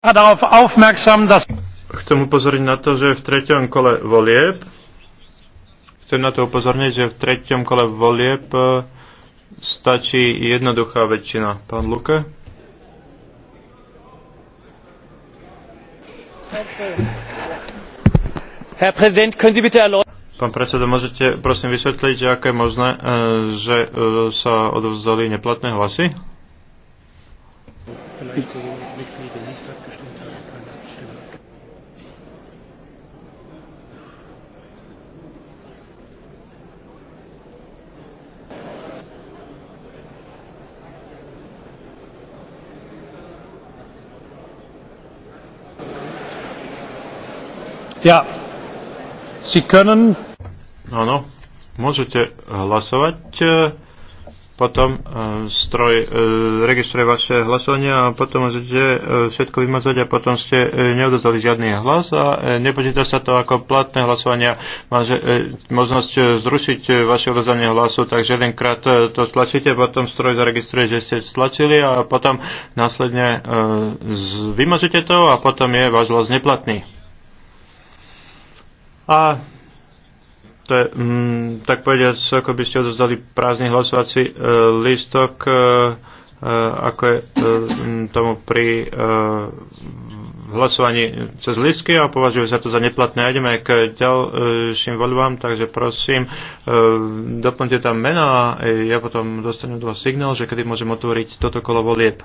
Chcem upozorniť na to, že v treťom kole volieb chcem na to upozorniť, že v treťom kole volieb e, stačí jednoduchá väčšina. Pán Luke? Herr Präsident, können Sie bitte erläutern? Pán predseda, môžete prosím vysvetliť, že aké je možné, e, že e, sa odovzdali neplatné hlasy? Vielleicht Ja. können... Áno, môžete hlasovať. E, potom e, stroj e, registruje vaše hlasovanie a potom môžete všetko vymazať a potom ste neodozdali žiadny hlas a nepočíta sa to ako platné hlasovania. Máte možnosť zrušiť vaše odozdanie hlasu, takže jedenkrát to stlačíte, potom stroj zaregistruje, že ste stlačili a potom následne vymažete to a potom je váš hlas neplatný. A to je, mm, tak povediať, ako by ste odozdali prázdny hlasovací e, lístok, e, e ako je e, mm, tomu pri e, hlasovaní cez lístky a považujú sa to za neplatné. Ideme k ďalším voľbám, takže prosím, e, doplňte tam mena a ja potom dostanem dva signál, že kedy môžem otvoriť toto kolo volieb.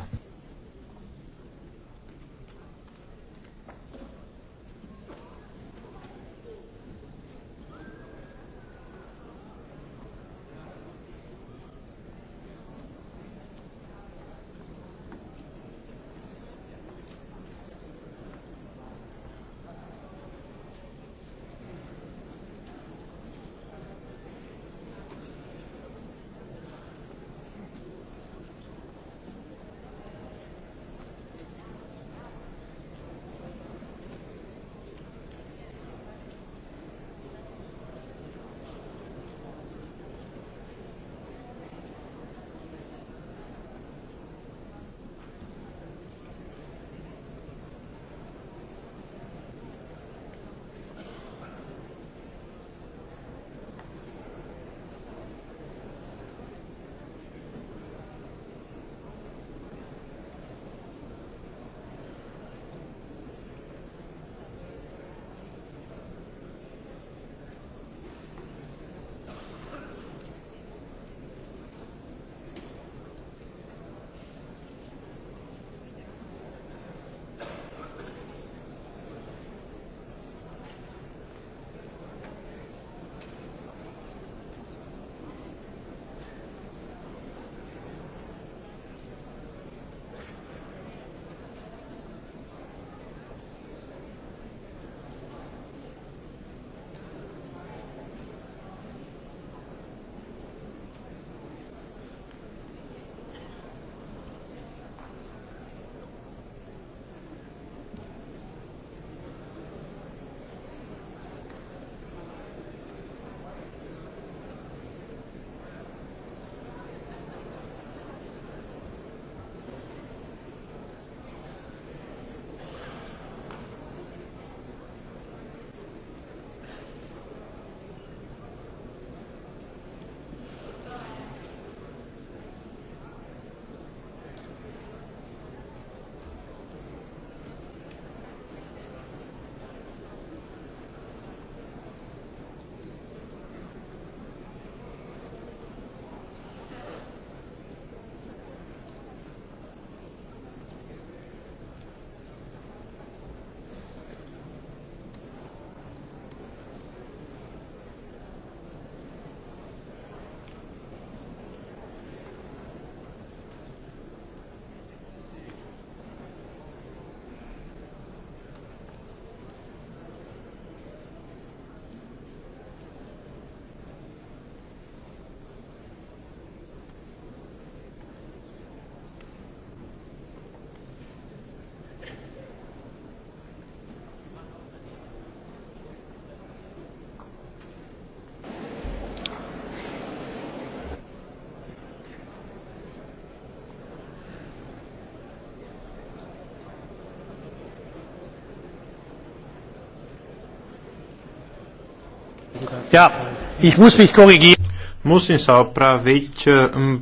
Ja, ich muss mich korrigieren. Musím sa opraviť, eh,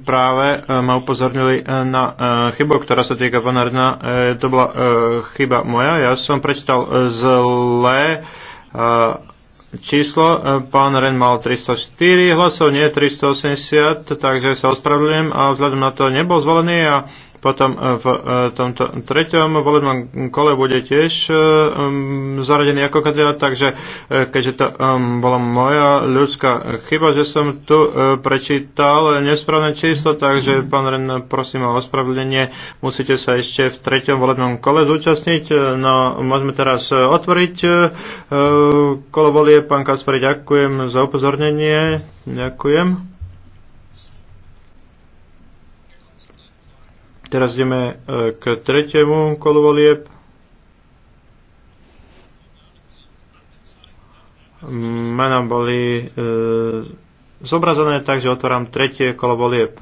práve eh, ma upozornili eh, na chybu, ktorá sa týka pana Vanarna. To bola chyba moja, ja som prečítal zlé číslo. Pán Ren mal 304 hlasov, nie 380, takže sa ospravedlňujem a vzhľadom na to nebol zvolený a potom e, v e, tomto treťom volebnom kole bude tiež e, zaradený ako kandidát, takže keďže to bola moja ľudská chyba, že som tu prečítal nesprávne číslo, takže pán Ren, prosím o ospravedlenie, musíte sa ešte v treťom volebnom kole zúčastniť. No, môžeme teraz otvoriť kolo volie. Pán Kasper ďakujem za upozornenie. Ďakujem. Teraz ideme e, k tretiemu kolu volieb. Mena boli e, zobrazené, takže otváram tretie kolo volieb.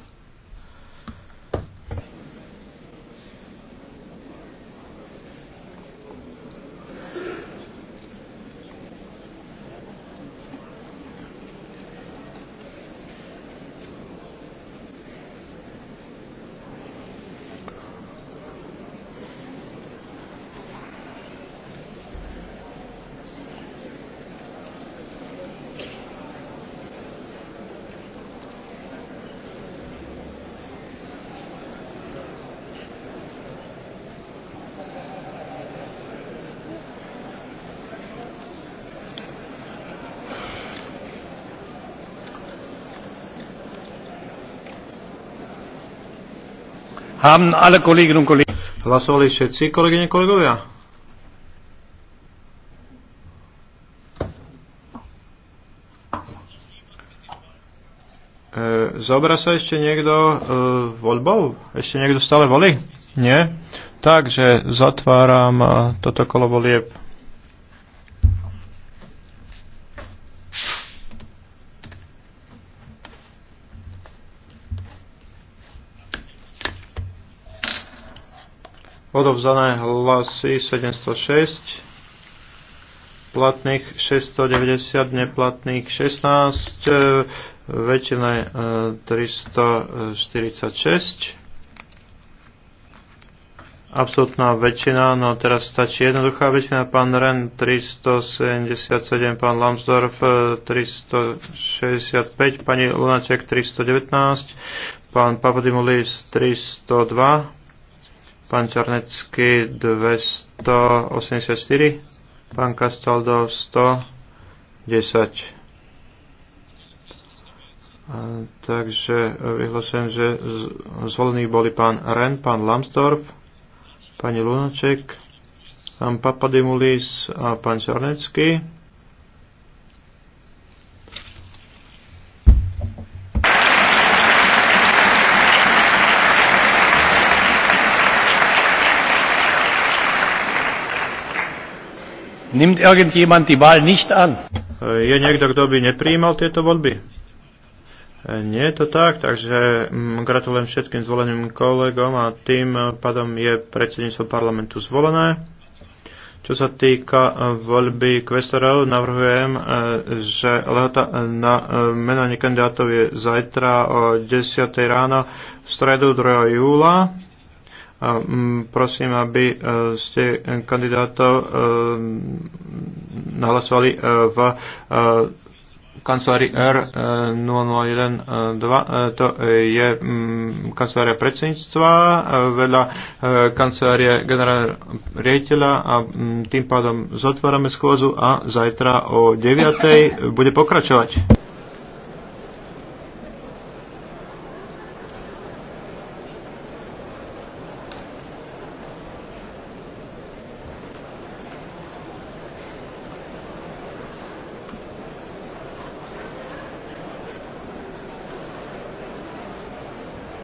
Haben alle Kolleginnen und Kollegen. Hlasovali všetci, kolegyne, kolegovia? E, zaoberá sa ešte niekto e, voľbou? Ešte niekto stále volí? Nie? Takže zatváram e, toto kolo volieb. odovzdané hlasy 706, platných 690, neplatných 16, e, väčšina 346. E, Absolutná väčšina, no teraz stačí jednoduchá väčšina, pán Ren 377, pán Lambsdorff 365, e, pani Lunaček 319, pán Papadimulis 302, pán Čarnecký 284, pán Kastaldo 110. Takže e, vyhlasujem, že zvolení boli pán Ren, pán Lambsdorff, pani Lunaček, pán Papadimulis a pán Čarnecký. Nimmt irgendjemand die Wahl nicht an? Eh, je niekto, kto by nepríjmal tieto voľby? Eh, nie je to tak, takže mm, gratulujem všetkým zvoleným kolegom a tým eh, pádom je predsedníctvo parlamentu zvolené. Čo sa týka voľby kvestorov, navrhujem, že lehota na menovanie kandidátov je zajtra o 10. ráno v stredu 2. júla. Mm, prosím, aby e, ste kandidátov e, nahlasovali e, v kancelári R0012, to je mm, kancelária predsedníctva, vedľa kancelárie generálneho riaditeľa a mm, tým pádom zatvárame schôzu a zajtra o 9.00 bude pokračovať.